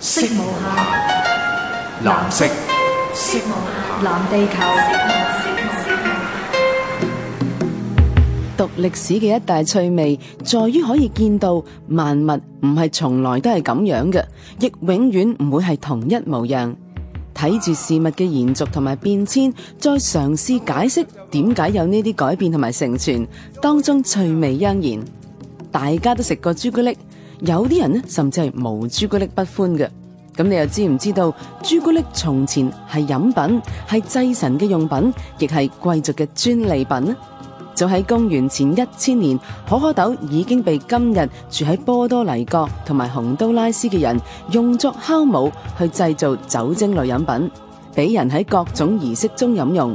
色無限，藍色，色無限，藍地球。讀歷史嘅一大趣味，在於可以見到萬物唔係從來都係咁樣嘅，亦永遠唔會係同一模樣。睇住事物嘅延續同埋變遷，再嘗試解釋點解有呢啲改變同埋成全，當中趣味盎然。大家都食過朱古力。有啲人呢，甚至係無朱古力不歡嘅。咁你又知唔知道朱古力從前係飲品，係祭神嘅用品，亦係貴族嘅專利品呢？就喺公元前一千年，可可豆已經被今日住喺波多黎各同埋洪都拉斯嘅人用作酵母去製造酒精類飲品，俾人喺各種儀式中飲用。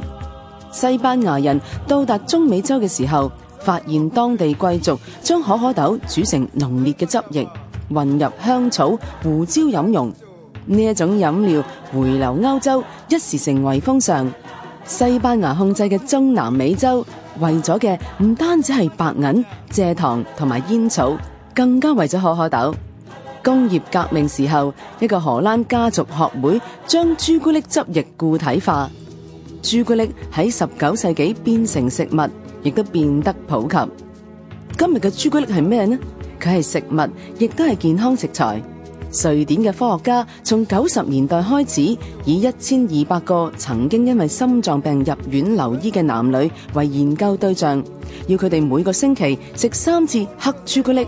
西班牙人到達中美洲嘅時候。發現當地貴族將可可豆煮成濃烈嘅汁液，混入香草、胡椒飲用，呢一種飲料回流歐洲，一時成為風尚。西班牙控制嘅中南美洲為咗嘅唔單止係白銀、蔗糖同埋煙草，更加為咗可可豆。工業革命時候，一個荷蘭家族學會將朱古力汁液固體化，朱古力喺十九世紀變成食物。亦都變得普及。今日嘅朱古力係咩呢？佢係食物，亦都係健康食材。瑞典嘅科學家從九十年代開始，以一千二百個曾經因為心臟病入院留醫嘅男女為研究對象，要佢哋每個星期食三次黑朱古力。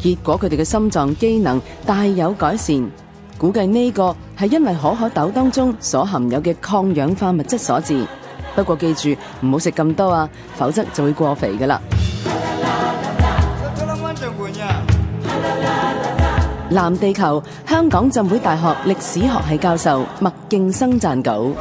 結果佢哋嘅心臟機能大有改善。估計呢個係因為可可豆當中所含有嘅抗氧化物質所致。不過記住唔好食咁多啊，否則就會過肥㗎喇。藍地球，香港浸會大學歷史學系教授麥勁生撰稿。